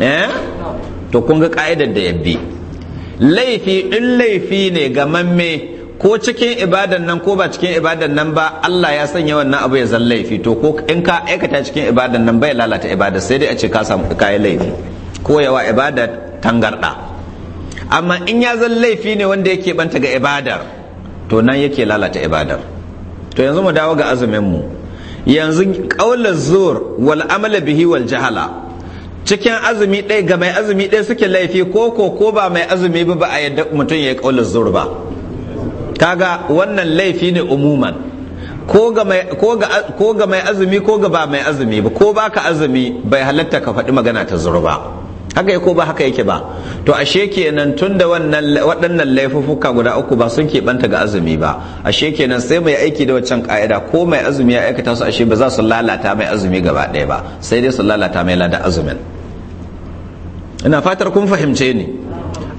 eh to kun ga ka'idar da yabbi laifi in laifi ne ga mamme ko cikin ibadan nan ko ba cikin ibadan nan ba Allah ya sanya wannan abu ya zan laifi to ko in ka aikata cikin ibadan nan bai lalata ibada sai dai a ce ka samu kai laifi ko yawa ibada tangarda amma in ya zan laifi ne wanda yake banta ga ibadar to nan yake lalata ibadar to yanzu mu dawo ga azumin mu yanzu qaulaz zur wal amala bihi wal jahala cikin azumi ɗaya ga mai azumi ɗaya suke laifi ko ko ko ba mai azumi ba a yadda mutum ya yi ƙaunar zurba ba kaga wannan laifi ne umuman ko ga mai azumi ko ga ba mai azumi ba ko ba ka azumi bai halatta ka faɗi magana ta zurba ba haka ko ba haka yake ba to ashe kenan tun da waɗannan laifuffuka guda uku ba sun banta ga azumi ba ashe kenan sai mai aiki da waccan ƙa'ida ko mai azumi ya aikata su ashe ba za su lalata mai azumi gaba ɗaya ba sai dai su lalata mai lada azumin ina fatar kun fahimce ni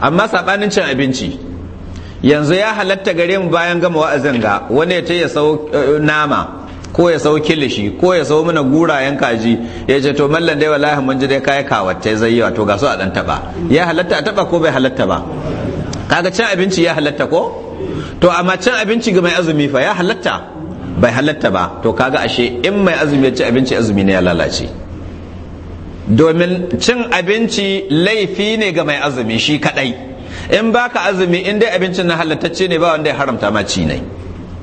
amma sabanin cin abinci yanzu ya halatta gare mu bayan gama wa'azin ga wani ya ce ya sau eh, nama ko ya sau kilishi ko ya sau mana gurayen kaji ya ce to mallan dai wallahi mun ji dai kai kawatta zai yi wato ga su a dan taba ya halatta a taba ko bai halatta ba kaga cin abinci ya halatta ko to amma cin abinci ga mai azumi fa ya halatta bai halatta ba to kaga ashe in mai azumi ya ci abinci azumi ne ya lalace domin cin abinci laifi ne ga mai azumi shi kadai in baka azumi in dai abincin na halattacce ne ba wanda ya haramta ma ci ne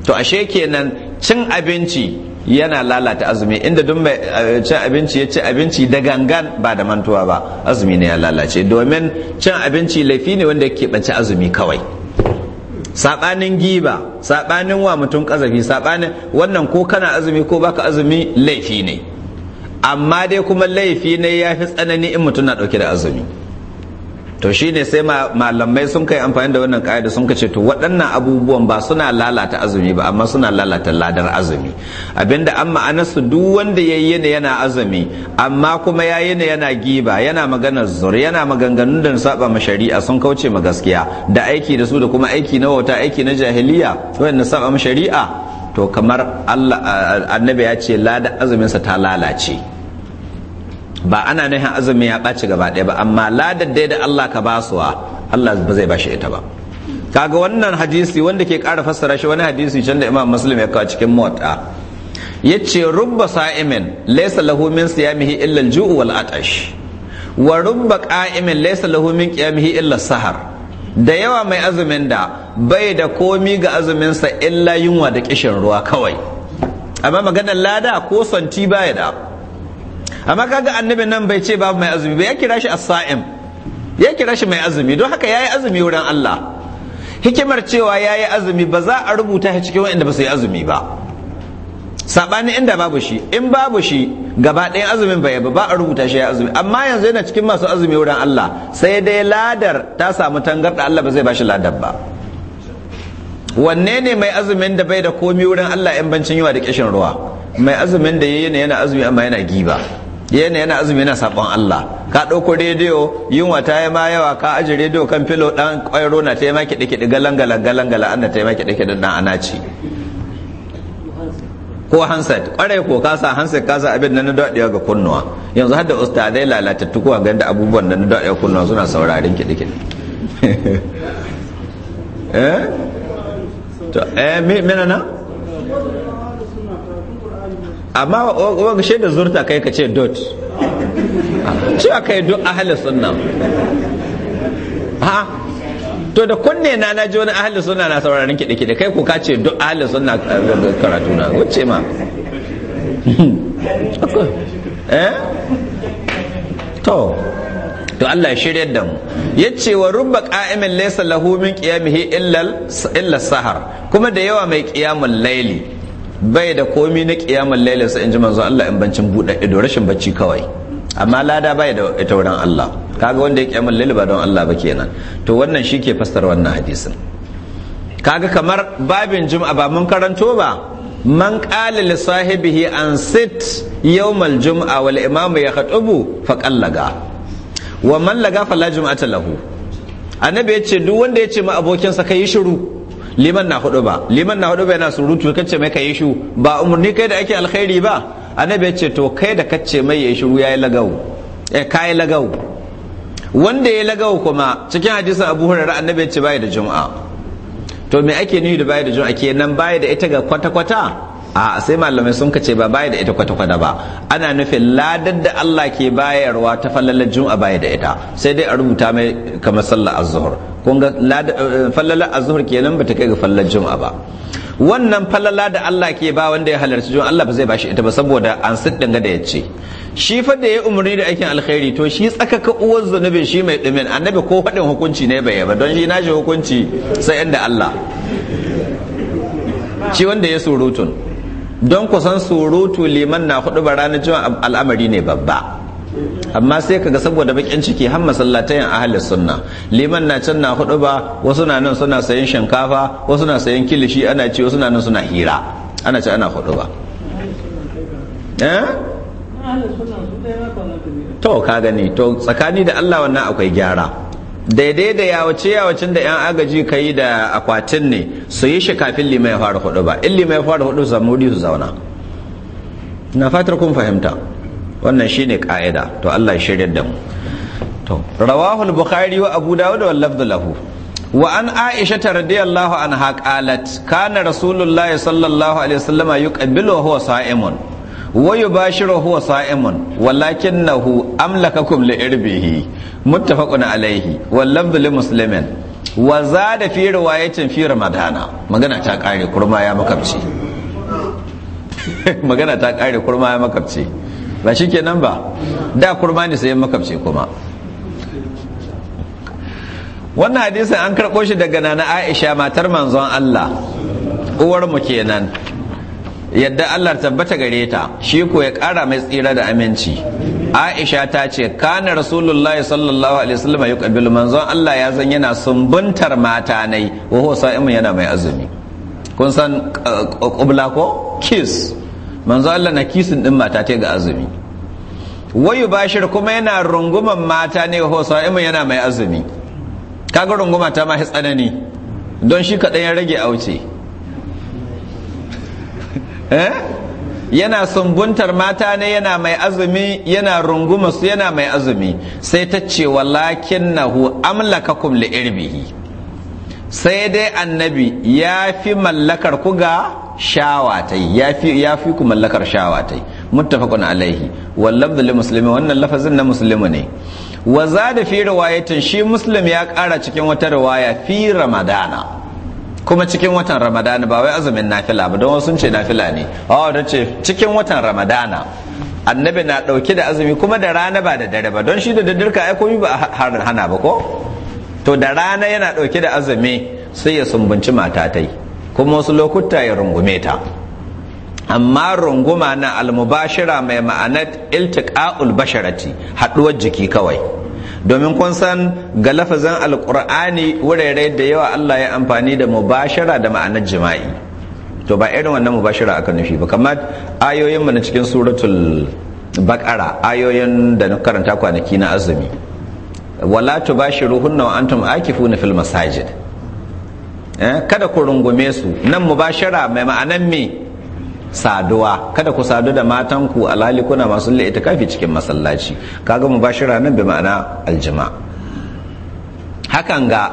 to ashe kenan cin abinci yana lalata azumi inda duk mai eh, cin abinci ya ci abinci da gangan ba da mantuwa ba azumi ne ya lalace domin cin abinci laifi ne wanda yake bace azumi kawai sabanin giba sabanin wa mutum kazafi sabanin wannan ko kana azumi ko baka azumi laifi ne amma dai kuma laifi ne ya fi tsanani in mutum na ɗauke da azumi to shine sai malamai sun kai amfani da wannan ka'ida sun kace to waɗannan abubuwan ba suna lalata azumi ba amma suna lalata ladar azumi abinda an ma'anarsu duk wanda ya yi ne yana azumi amma kuma ya yi ne yana giba yana maganar zur yana maganganun da saba ma shari'a sun kauce ma gaskiya da aiki da su da kuma aiki na wauta aiki na jahiliya wanda saba ma shari'a to kamar annabi ya ce lada azuminsa ta lalace ba ana nuhin azumin ya ɓaci gaba ɗaya ba amma ladar dai da Allah ka basuwa Allah ba zai bashi ita ba kaga wannan hadisi wanda ke ƙara fassara shi wani hadisi can da Imam Muslim ya kawo cikin ya yace rubba sa'imin laisa lahu min siyamihi illa juu wal atash wa rubba qa'imin laisa lahu min qiyamihi illa sahar da yawa mai azumin da bai da komi ga azuminsa illa yunwa da kishin ruwa kawai amma maganar lada ko santi baya da amma kaga annabi nan bai ce babu mai azumi ba ya kira shi as-sa'im ya kira shi mai azumi don haka yayi azumi wurin Allah hikimar cewa yayi azumi ba za a rubuta shi cikin wanda ba su yi azumi ba sabanin inda babu shi in babu shi gaba ɗayan azumin bai ba a rubuta shi ya azumi amma yanzu yana cikin masu azumi wurin Allah sai dai ladar ta samu tangar tangarda Allah ba zai bashi ladar ba wanne ne mai azumin da bai da komi wurin Allah in bancin yawa da kishin ruwa mai azumin da yayi yana azumi amma yana giba yana yana azumi yana sabon Allah ka ɗauko rediyo yunwa ta yi ma yawa ka aji rediyo kan filo ɗan ƙwairo na ta yi ma kiɗe-kiɗe an ta yi ma kiɗe-kiɗe ɗan ko hansat kwarai ko kasa hansat kasa abin nan na daɗewa ga kunnuwa yanzu har da ustadai lalatattu kuwa ganda abubuwan nan na daɗewa kunnuwa suna saurarin kiɗe-kiɗe eh to eh me mena na amma wanga shaidar zurta kai ka ce dot cewa kai duk ahalin sunna ha to da kunne na na ji wani ahalin suna na sauraron kiɗe kiɗe kai ko kace duk ahalin suna eh, karatu na wuce ma eh? to to Allah ya shiryar da mu yace wa rubba qa'imin laysa lahu min qiyamihi illa illa sahar kuma da yawa mai qiyamul layli bai da komi na qiyamul layli sai in ji manzo Allah in bancin buɗe ido rashin bacci kawai amma lada bai da ita wurin Allah kaga wanda ya kiyamul lail ba don Allah ba kenan to wannan shi ke fassara wannan hadisin kaga kamar babin jum'a ba mun karanto ba man qala li sahibihi an sit yawmal jum'a wal imamu ya khatubu faqallaga wa man laga fala jum'ata lahu annabi ce duk wanda ya ce ma abokinsa kai shiru liman na hudu ba liman na hudu ba yana surutu kace mai kai shu ba umurni kai da ake alkhairi ba annabi ya ce to kai da kace mai ya shiru ya yi lagau eh kai lagau wanda ya lagau kuma cikin hadisin Abu Hurairah annabi ya ce bai da juma'a to me ake nufi da bai da juma'a kenan bai da ita ga kwata kwata a sai malamai sun ce ba baya da ita kwata-kwata ba ana nufin ladar da Allah ke bayarwa ta fallalar juma'a baya da ita sai dai a rubuta mai kamar sallar azhar kun ga eh, fallalar azhar kenan bata kai ga fallalar juma'a ba wannan falala da Allah ke ba wanda ya halarci juma'a Allah ba zai bashi ita ba saboda an siddin ga da yace shi fa da ya umarni da aikin alkhairi to shi tsakaka uwar zunubin shi mai dumin annabi ko haɗin hukunci ne bai ba don shi nashi hukunci sai inda Allah shi wanda ya surutun don kusan surutu liman na hudu ba ranar juma'a al'amari ne babba amma sai kaga saboda bakin ciki har masallatayin ahli sunna liman na can na hudu ba wasu na nan suna sayan shinkafa wasu na sayan kilishi ana ce wasu na nan suna hira ana ce ana hudu ba eh? to ka gani to tsakani da Allah wannan akwai gyara daidai da yawace yawacin da 'yan agaji ka yi da akwatin ne su yi shi kafin lima ya fara hudu ba in limai ya fara hudu zamuri su zauna na fatar kun fahimta wannan shine ka'ida to Allah ya shirya da mu to rawahu al-bukhari wa abu dawud wa lafdhu lahu wa an aisha radiyallahu anha qalat kana rasulullahi sallallahu alaihi wasallama yuqabbilu wa huwa sa'imun wayu bashiru huwa sa'imun walakinahu amlakakum li irbihi muttafaqun alaihi wal lafdhu li muslimin wa zada fi riwayatin fi ramadana magana ta kare kurma ya makabci magana ta kare kurma ya makabci ba shikenan ba da kurma ne sai makabci kuma wannan hadisin an karɓo shi daga nana aisha matar manzon allah uwar uwarmu kenan yadda Allah tabbata gare ta shi ko ya kara mai tsira da aminci Aisha ta ce kana Rasulullahi sallallahu alaihi wasallam yuqabbilu manzon Allah ya san yana sumbuntar mata nai wa huwa sa'imun yana mai azumi kun san uh, qubla ko kiss manzon Allah na kissin din mata ta ga azumi wayu bashir kuma yana runguman mata ne wa huwa sa'imun yana mai azumi kaga runguma ta ma tsanani don shi kaɗan ya rage auce Eh? yana sumbuntar mata ne yana mai azumi yana runguma su yana mai azumi sai ta ce walakin nahu amlakakum li irbihi sai dai annabi ya fi mallakar ku ga shawatai ya fi ya fi ku mallakar shawatai muttafaqun alaihi lil wannan lafazin na muslimi ne wa zada fi riwayatin shi muslim ya kara cikin wata riwaya fi ramadana kuma cikin watan ramadana ba wai azumin nafila ba don sun ce nafila ne a oh, ce cikin watan ramadana annabi na ɗauke da azumi kuma da rana ba da dare ba don shi da daddarka ai komi ba hana ba ko to da rana yana ɗauke da azumi sai ya sumbunci matatai kuma wasu lokuta ya rungume ta amma runguma na almubashira mai ma'anar iltiqa'ul basharati haɗuwar jiki kawai domin kun san ga lafazin alkur'ani wurare da yawa Allah ya amfani da mubashara da ma'anar jima'i to ba irin wannan mubashara aka nufi ba kamar ayoyin mu na cikin suratul bakara ayoyin da na karanta kwanaki na azumi wala tubashiruhunna wa antum akifuna fil masajid eh, kada ku rungume su nan mubashara mai ma'anan me saduwa kada ku sadu da matan ku lalikuna kuna masu la kafi cikin masallaci kaga mubashira nan bi ma'ana aljima hakan ga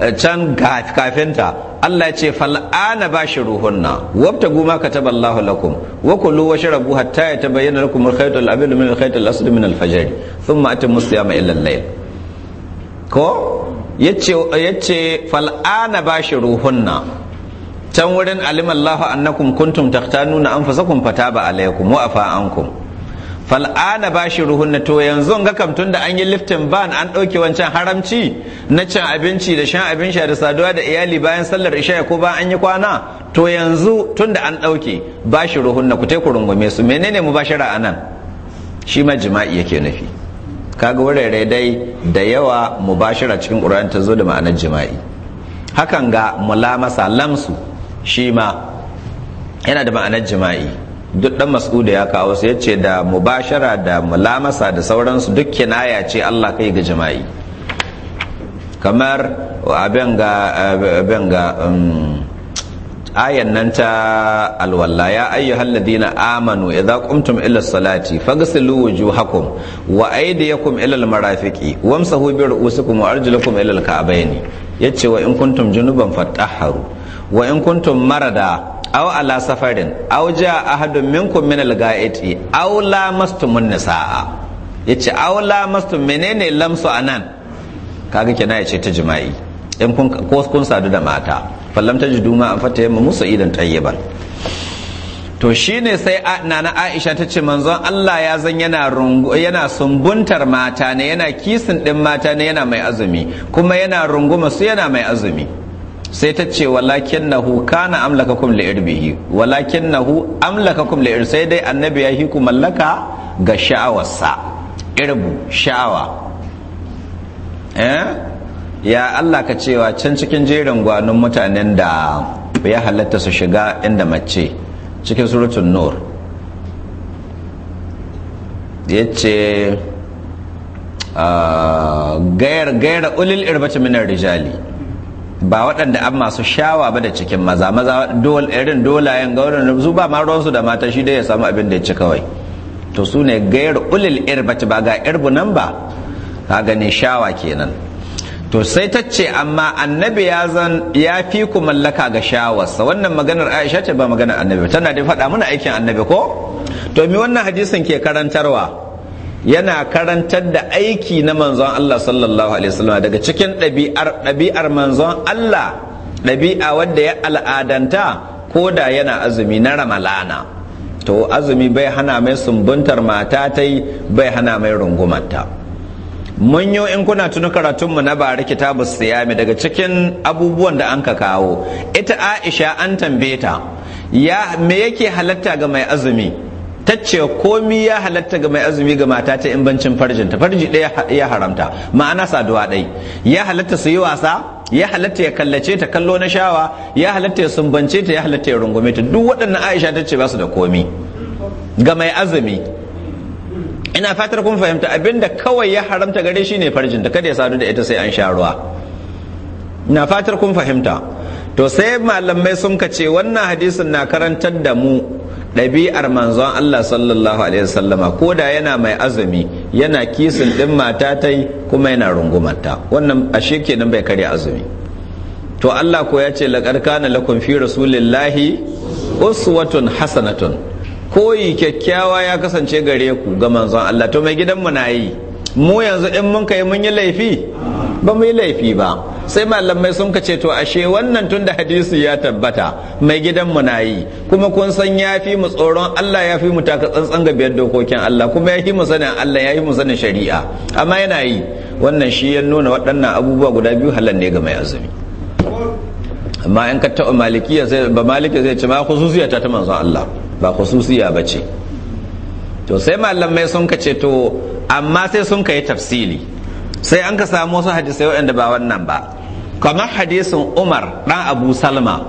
eh, can kafinta Allah ce fal'ana ba shi ruhunna wabta guma ka taba Allah lakum wa kullu wa shrabu hatta tabayyana lakum al-khayt al min al-khayt al min al-fajr thumma atimmu siyama illa al-layl ko yace yace fal'ana ba shi ruhunna can wurin alimallahu annakum kuntum fasakun fata ba alaikum wa afa ankum fal ana bashiruhunna to yanzu ga kam tunda an yi liftin ban an dauke wancan haramci na can abinci da shan abin sha da saduwa da iyali bayan sallar isha ko ba an yi kwana to yanzu tunda an dauke na ku ku rungume su menene mubashara anan shi ma jima'i yake nufi kaga wurare dai da yawa mu bashira cikin ƙur'ani ta zo da ma'anar jima'i hakan ga mulamasa lamsu shi ma yana da ma'anar jima'i duk dan mas'uda ya kawo su yace da mubashara da mulamasa da sauransu duk kinaya ce Allah kai ga jima'i kamar abin ga abin ga um, ayan nan ta alwala ya ayyuhal ladina amanu idza qumtum ila salati faghsilu wujuhakum wa aydiyakum ila almarafiqi wamsahu bi ru'usikum wa arjulakum ila alka'bayn yace wa in kuntum junuban fatahharu wa in kuntum marada aw ala safarin aw ja ahadun minkum min al-ga'iti aw mastum nisaa yace aw mastum menene lamsu anan kaga kina yace ta jima'i in kun ko kun sadu da mata fallam ta juduma an fata yamma musu idan tayyiban to shine sai nana Aisha ta ce manzon Allah ya zan yana rungu yana sumbuntar mata ne yana kisin din mata ne yana mai azumi kuma yana runguma su yana mai azumi sai ta ce walakin nahu kana kum la irbihi walakin nahu la ir sai dai annabi ya hiku mallaka ga sha'awarsa irbu sha'awa eh? ya Allah ka cewa can cikin jerin gwanon mutanen da ya halatta su shiga inda mace cikin suratul nur yace ah, gayar gayar ulil irbati minar rijali ba waɗanda an masu shawa ba da cikin maza maza irin dolayen gaurin su ba ma ruwansu da mata shi dai ya samu abin da ya ci kawai to su ne gayar ulil irbati ba ga irbu nan ba ka gani shawa kenan to sai ta ce amma annabi ya zan ya fi ku mallaka ga shawarsa wannan maganar aisha ce ba maganar annabi tana da faɗa mana aikin annabi ko to mi wannan hadisin ke karantarwa yana karantar da aiki na manzon Allah sallallahu alaihi wasallam daga cikin ɗabi'ar manzon Allah ɗabi'a wadda ya al'adanta ko da yana azumi na ramalana to azumi bai hana mai sumbuntar mata ta yi bai hana mai rungumarta mun yi in kuna tuni karatunmu na bari kitabu siyami daga cikin abubuwan da an ka kawo ita aisha an tambeta, ta ya me yake halatta ga mai azumi ta ce komi ya halatta ga mai azumi ga mata ta imbancin farjinta farji ɗaya ya haramta ma'ana saduwa ɗai ya halatta su yi wasa ya halatta ya kallace ta kallo na shawa ya halatta ya sumbance ta ya halatta ya rungume ta duk waɗannan aisha ta ce ba su da komi ga mai azumi ina fatar kun fahimta abinda kawai ya haramta gare shi ne farjinta kada ya sadu da ita sai an sha ruwa ina fatar kun fahimta to sai malamai sun ka ce wannan hadisin na karantar da mu ɗabi'ar manzon Allah sallallahu alaihi wasallama ko da yana mai azumi yana kisin ɗin mata ta yi kuma yana rungumanta wannan ashe kenan bai karya azumi to Allah ko ya ce laqad kana fi rasulillahi uswatun hasanatun koyi kyakkyawa ya kasance gare ku ga manzon Allah to mai gidan mu na yi mu yanzu in mun kai mun yi laifi ba mu yi laifi ba sai malamai sun kace to ashe wannan tun da hadisi ya tabbata mai gidan mu na yi kuma kun san ya fi mu tsoron Allah ya fi mu taka tsantsan ga biyar dokokin Allah kuma ya fi mu sanin Allah ya fi mu sanin shari'a amma yana yi wannan shi ya nuna waɗannan abubuwa guda biyu halan ne ga mai azumi amma in ka taɓa malikiya sai ba maliki zai ce ma khususiya ta ta manzon Allah ba khususiya bace to sai malamai sun kace to amma sai sun kai tafsili sai an ka samu wasu hadisai waɗanda ba wannan ba kamar hadisin umar ɗan abu salma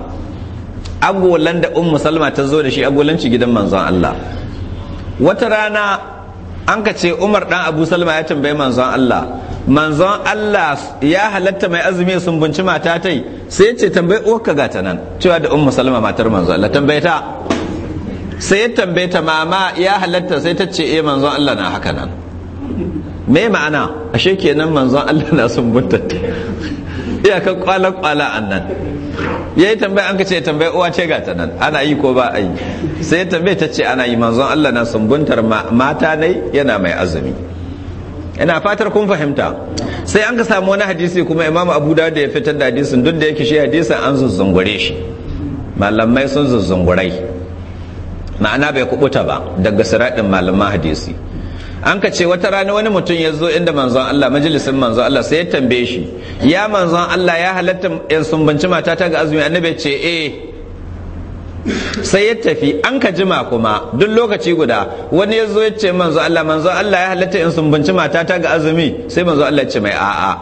agolan da ummu salma ta zo da shi agolanci gidan manzon allah wata rana an ka ce umar ɗan abu salma ya tambayi manzon allah manzon Allah ya halatta mai azumi sun bunci mata ta sai ce tambayi uwarka ga ta nan cewa da ummu salma matar manzon Allah tambaye ta sai ya tambaye ta mama ya halatta sai ta ce eh manzon Allah na haka nan me ma'ana ashe kenan manzon Allah na son buntata kan kwala kwala annan ya yi tambaya an ka ce tambaya uwa ce ga ta nan ana yi ko ba a yi sai ya tambaya ta ce ana yi manzon Allah na sumbuntar mata ne yana mai azumi ina fatar kun fahimta sai an ka samu wani hadisi kuma imamu abu da ya fitar da hadisin duk da yake shi hadisin an zuzzungure shi malamai sun zuzzungurai ma'ana bai kubuta ba daga siraɗin malaman hadisi an ka ce wata rana wani mutum ya zo inda manzon Allah majalisin manzon Allah sai ya tambaye shi ya manzon Allah ya halatta yan sumbanci ta ga azumi annabi ce eh sai ya tafi an ka jima kuma duk lokaci guda wani ya zo ya ce manzon Allah manzon Allah ya halatta yan sumbanci ta ga azumi sai manzon Allah ya ce mai a'a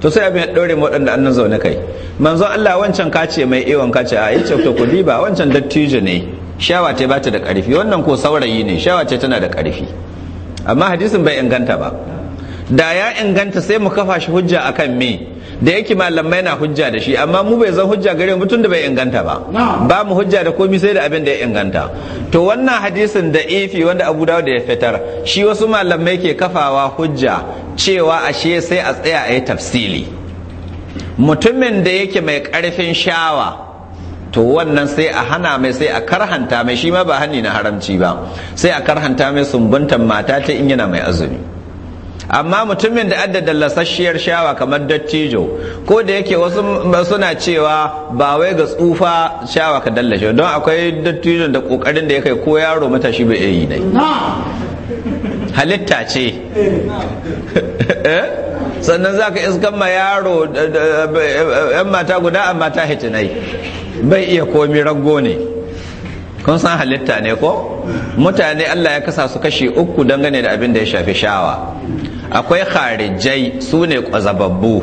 to sai abin ya ɗaure waɗanda annan zaune kai manzon Allah wancan kace mai ewan eh, kace a yace to ku diba wancan dattijo ne shawa ce ba ta da ƙarfi wannan ko saurayi ne shawa ce tana da ƙarfi amma hadisin bai inganta ba da ya inganta sai mu kafa shi hujja akan me da yake malamai na hujja da shi amma mu bai zan hujja gare mu da bai inganta ba ba mu hujja da komi sai da abin da ya inganta to wannan hadisin da ifi wanda Abu da ya fitar shi wasu malamai ke kafawa hujja cewa ashe sai a tsaya a yi tafsili mutumin da yake mai karfin shawa to wannan sai a hana mai sai a karhanta mai shi ma ba hanni na haramci ba sai a karhanta mai sumbuntan mata ta in yana mai azumi amma mutumin da da lasasshiyar shawa kamar dattijo ko da yake wasu suna cewa ba wai ga tsufa shawa ka dallashe don akwai dattijo da kokarin da ya kai ko yaro mata shi bai yi dai halitta ce eh? sannan za ka iskan ma yaro yan mata guda amma ta hitinai bai iya komi rago ne kun san halitta ne ko mutane Allah ya kasa su kashe uku dangane da abin da ya shafi shawa akwai kharijai su ne kwazababbu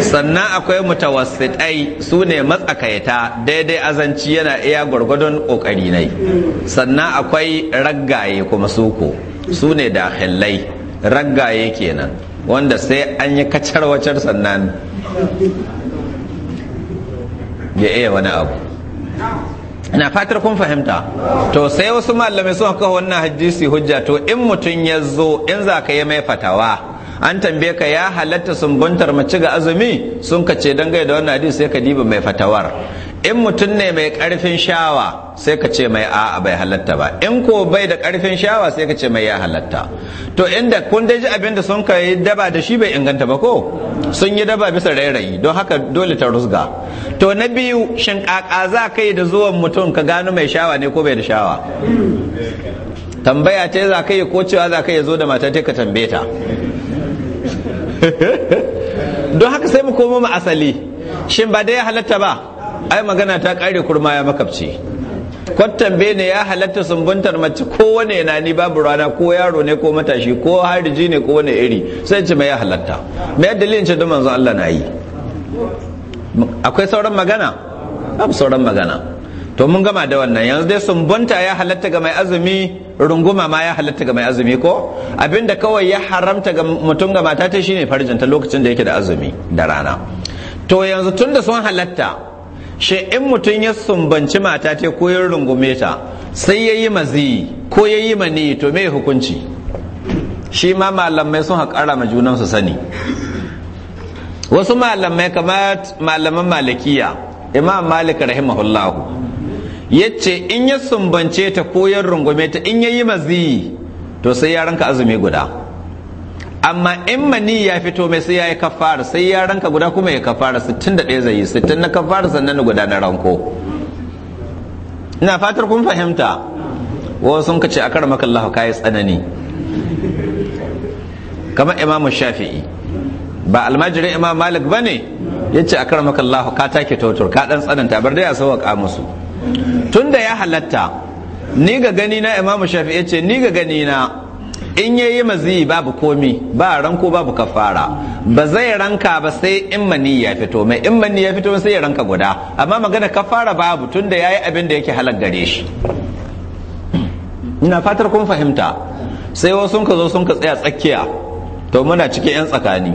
sannan akwai mutawassitai su ne matsakaita daidai azanci yana iya gwargwadon kokari nai sannan akwai raggaye kuma suko su ne dakilai raggaye kenan wanda sai an yi kacar wacar sannan ya iya wani abu ina fatar kun fahimta to sai wasu malamai suka kawo wannan hadisi hujja to in mutum ya zo in za ka yi mai fatawa an tambaye ka ya halatta sumbuntar mace ga azumi sun kace ce da wannan hadisi sai ka diba mai fatawar in mutum ne mai ƙarfin shawa sai ka ce mai a'a bai halatta ba in ko bai da ƙarfin shawa sai ka ce mai ya halatta to inda kun daji ji abin da sun kai daba da shi bai inganta ba ko sun yi daba bisa rairayi don haka dole ta rusga to na biyu shin ƙaƙa za ka da zuwan mutum ka gano mai shawa ne ko bai da shawa tambaya ce za ka yi ko cewa za ka yi zo da mata ka tambaye ta don haka sai mu koma mu asali shin ba dai ya halatta ba ai magana ta kare kurma ya makabci kwattan bene ya halatta sumbuntar mace ko wane yana ni babu rana ko yaro ne ko matashi ko hariji ne ko wani iri sai ce mai ya halatta mai yadda ce don manzo Allah na yi akwai sauran magana babu sauran magana to mun gama da wannan yanzu dai sumbunta ya halatta ga mai azumi runguma ma ya halatta ga mai azumi ko abinda kawai ya haramta ga mutum ga mata ta shine farjinta lokacin da yake da azumi da rana to yanzu tunda sun halatta shi in mutum ya sumbanci mata ce ko ya rungume ta sai ya yi mazi ko ya yi mani to me hukunci shi ma malamai sun haƙara ma junan su sani wasu malamai kamar malaman malikiya imam malik rahimahullahu yace in ya sumbance ta ko rungume ta in ya yi mazi to sai ya ranka azumi guda amma in mani ya fito mai sai ya yi kafara sai ya ranka guda kuma ya kafara 61 zai yi 60 na kafara sannan na guda na ranko ina fatar kun fahimta wasu sun kace kar maka Allah yi tsanani kamar imamu shafi'i ba almajirin imam malik ba ne? Ya ce a maka Allah ka take totur ka dan tsananta bar dai a sauka musu tunda ya halatta ni ga gani na imamu shafi'i ce ni ga gani na in ya yi mazi babu komi ba ranko babu kafara ba zai ranka ba sai in mani ya fito mai in mani ya fito sai ya ranka guda amma magana kafara babu tun da ya yi abin da yake halar gare shi ina fatar kun fahimta sai wasu ka zo sun ka tsaya tsakiya to muna cikin 'yan tsakani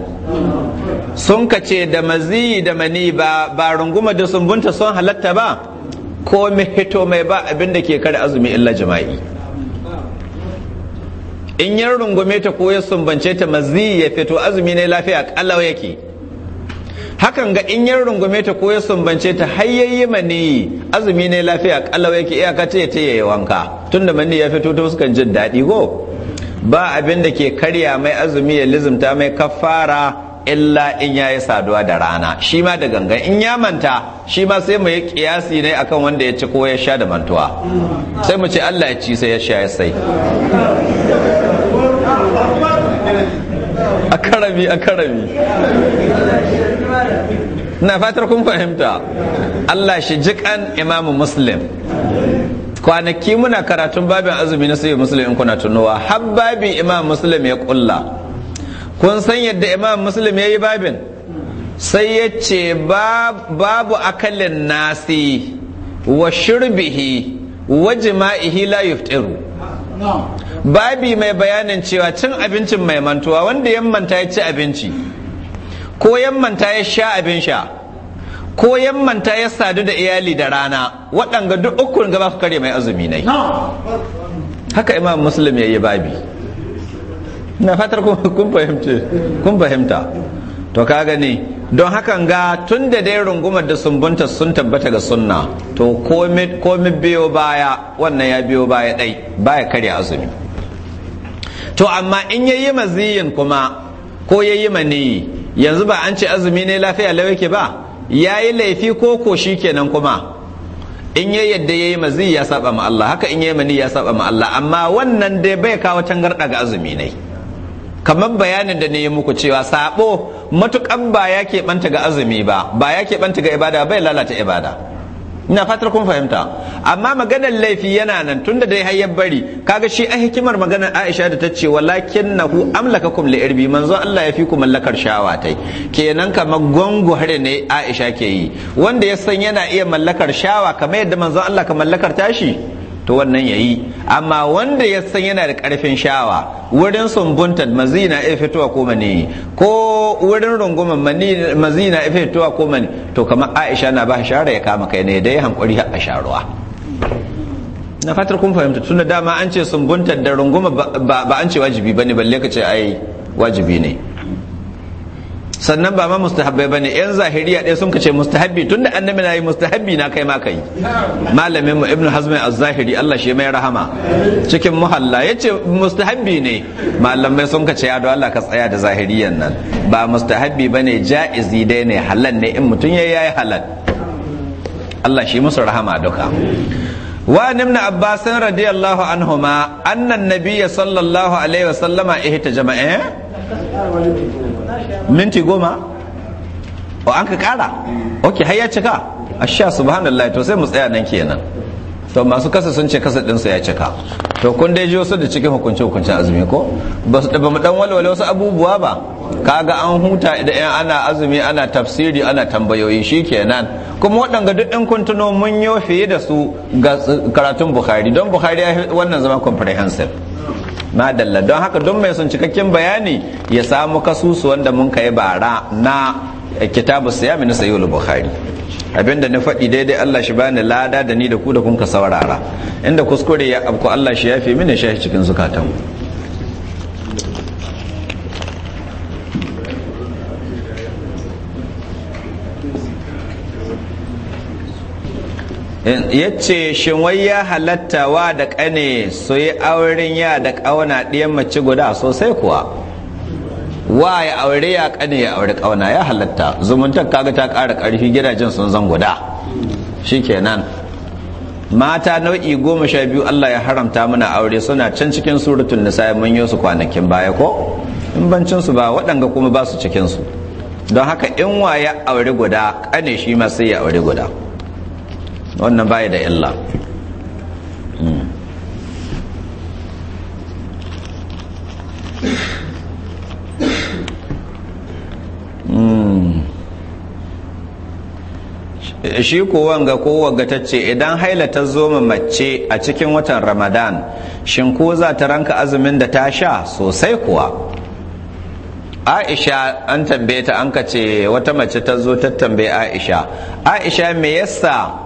sun ka ce da mazi da mani ba ba runguma da sun bunta sun halatta ba ko hito mai ba abin da ke kada azumi illa jima'i in yan rungume ta ko ya sumbance ta mazi ya fito azumi ne lafiya kalau yake hakan ga in yan rungume ta ko ya sumbance ta hayayyi mani azumi ne lafiya kalau yake iyaka ce ta yayi wanka tunda mani ya fito ta fuskan jin daɗi go ba abin da ke karya mai azumi ya lizimta mai kafara illa in ya yi saduwa da rana shi ma da gangan in ya manta shi ma sai mu yi kiyasi ne akan wanda ya ci ko ya sha da mantuwa sai mu ce Allah ya ci sai ya sha ya sai a karami a karami na fatar kun fahimta Allah shi jikan imamu muslim kwanaki muna karatun babin azumi na sayi muslim kuna tunowa har babin imam muslim ya kulla kun san yadda imam muslim ya yi babin sai ya ce babu akalin nasi wa shirbihi wa jima'ihi la yuftiru babi mai bayanin cewa cin abincin mai mantuwa wanda yammanta ya ci abinci ko yammanta ya sha abin sha ko yammanta ya sadu da iyali da rana waɗanga duk ukun gaba su kare mai azumi ne haka imam muslim ya yi babi na fatar kun fahimta to ka gani don hakan ga tun da dai rungumar da sumbunta sun tabbata ga sunna to komi biyo baya wannan ya biyo baya ɗai baya karya azumi to amma in ya yayi maziyin kuma ko ya yayi mani yanzu ba an ce azumi ne lafiya lau ba? ba yi laifi ko ko kenan kuma in ya yadda ya yayi maziyi ya saba ma Allah haka in ya yi mani ya saba ma Allah amma wannan dai bai kawo tangarɗa ga azumi ne kamar bayanin da ne yi muku cewa sabo matukan ba ya keɓanta ga azumi ba ba ya keɓanta ga ibada bai lalata ibada ina fatar kun fahimta amma maganar laifi yana nan tunda dai har bari kaga shi a hikimar maganar Aisha da ta ce nahu amlakakum li irbi manzo Allah ya fi ku mallakar shawa kenan kamar gongo hare ne Aisha ke yi wanda ya san yana iya mallakar shawa kamar yadda manzo Allah ka mallakar tashi to wannan ya yi, amma wanda ya san yana da karfin shawa wurin sumbunta mazina ya fitowa ko mani ko wurin runguman mazina ya fitowa ko mani to kamar Aisha na ba shara ya kama kai ne ya hankuri a sharuwa na fatar kun fahimta tunda dama an ce sumbunta da runguma ba an ce wajibi bane balle ka ce ai wajibi ne sannan ba ma mustahabbai bane yan zahiriya ɗaya sun kace mustahabbi tunda annabi na yi mustahabbi na kai ma kai malamin mu ibnu hazm az-zahiri Allah shi mai rahama cikin muhalla yace mustahabbi ne malamai sun kace ya Allah ka tsaya da zahiriyan nan ba mustahabbi bane ja'izi dai ne halal ne in mutun yayi yayi halal Allah shi musu rahama duka wa ibn abbasin radiyallahu anhuma annan an sallallahu alaihi wasallama ihtajama'a eh? minti goma o oh, an ka kara ok har ya cika a sha subhanallah to sai mu tsaya nan kenan to masu kasa sun ce kasa dinsu ya cika to kun dai ji wasu da cikin hukunci hukunci azumi ko ba su ɗaba dan walwale wasu abubuwa ba kaga an huta idan ana azumi ana tafsiri ana tambayoyi shikenan kuma waɗanga duk ɗin kun tuno mun yi fiye da su ga karatun bukhari don bukhari ya wannan zama comprehensive madalla don haka don mai sun cikakken bayani ya samu kasusu wanda mun kai bara na kitabu siya na sayyul bukhari abinda na faɗi daidai Allah shi bani lada da ni da ku da kun ka saurara inda kuskure ya abku Allah shi ya fi mini shi cikin zukatanku ce shin wai ya halatta wa da kane su yi auren ya da ƙauna ɗiyan mace guda sosai kuwa wa ya aure ya kane ya aure ƙauna ya halatta zumuntar kaga ta ƙara ƙarfi gidajen sun zan guda shikenan mata nau'i goma sha biyu Allah ya haramta mana aure suna can cikin suratun nisa mun yi su kwanakin baya ko in bancin ba waɗanga kuma ba su cikin don haka in wa ya aure guda ƙane shi ma sai ya aure guda wannan baya da illa mm. Mm. shi ko ga ko ga ta ce idan haila ta zo mace a cikin watan ramadan shin ko za ta ranka azumin da ta sha sosai kuwa aisha an tambaye ta an ka ce wata mace ta zo ta tambaye aisha aisha me yasa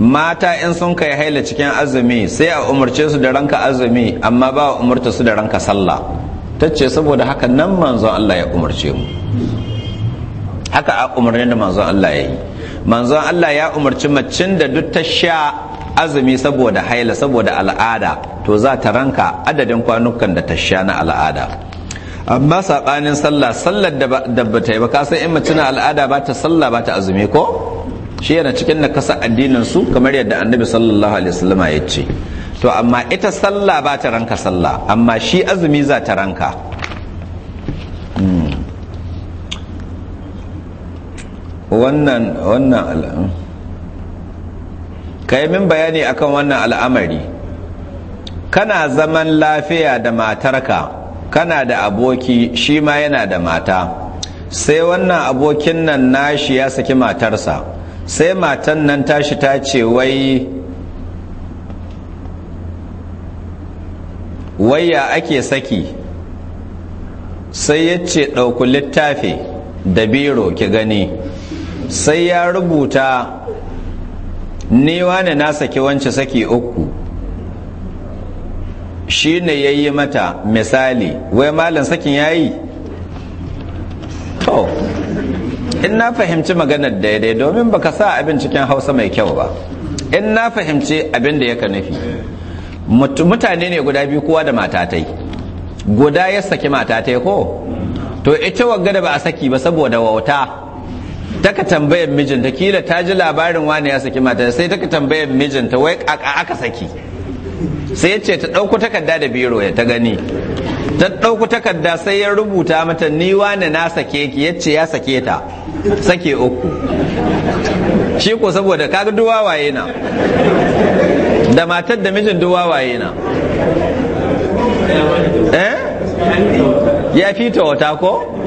mata in sun kai haila cikin azumi sai a umarce su da ranka azumi amma ba a umarta su da ranka sallah ta ce saboda haka nan manzon Allah ya umarce mu haka a umarnin da manzon Allah ya yi manzon Allah ya umarci macin da duk ta sha azumi saboda haila saboda al'ada to za ta ranka adadin kwanukan da ta sha na al'ada amma saɓanin sallah sallar da ba ta yi ba san in mace na al'ada ba ta sallah ba ta azumi ko shi yana cikin nakasa addinin su kamar yadda annabi sallallahu alaihi wasallama ya ce to amma ita sallah ba ta ranka sallah amma shi azumi za ta ranka hmm. wannan wannan hmm. ka min bayani akan wannan al'amari kana zaman lafiya da matarka kana da aboki shi ma yana da mata sai wannan abokin nan nashi ya saki matarsa sai matan nan tashi ta ce wai waya ake saki sai ya ce ɗauku littafi da biro ki gani sai ya rubuta ni wane na saki wance saki uku shi ne ya yi mata misali wai malam sakin ya yi in na fahimci maganar daidai domin baka sa abin cikin hausa mai kyau ba in na fahimci abin da yaka nufi mutane ne guda biyu kowa da matatai guda ya saki matatai ko to ita wagga da ba a saki ba saboda wauta taka tambayar mijinta kila ta ji labarin wani ya saki matatai sai taka tambayar mijinta wai aka saki sai ce ta ɗauku takarda da biro ya ta gani ta ɗauku takarda sai ya rubuta mata ni wani na sake ki ya ce ya sake ta sake uku shi ko saboda kaga duwawaye na da matar da mijin duwawaye na eh ya fito wata ko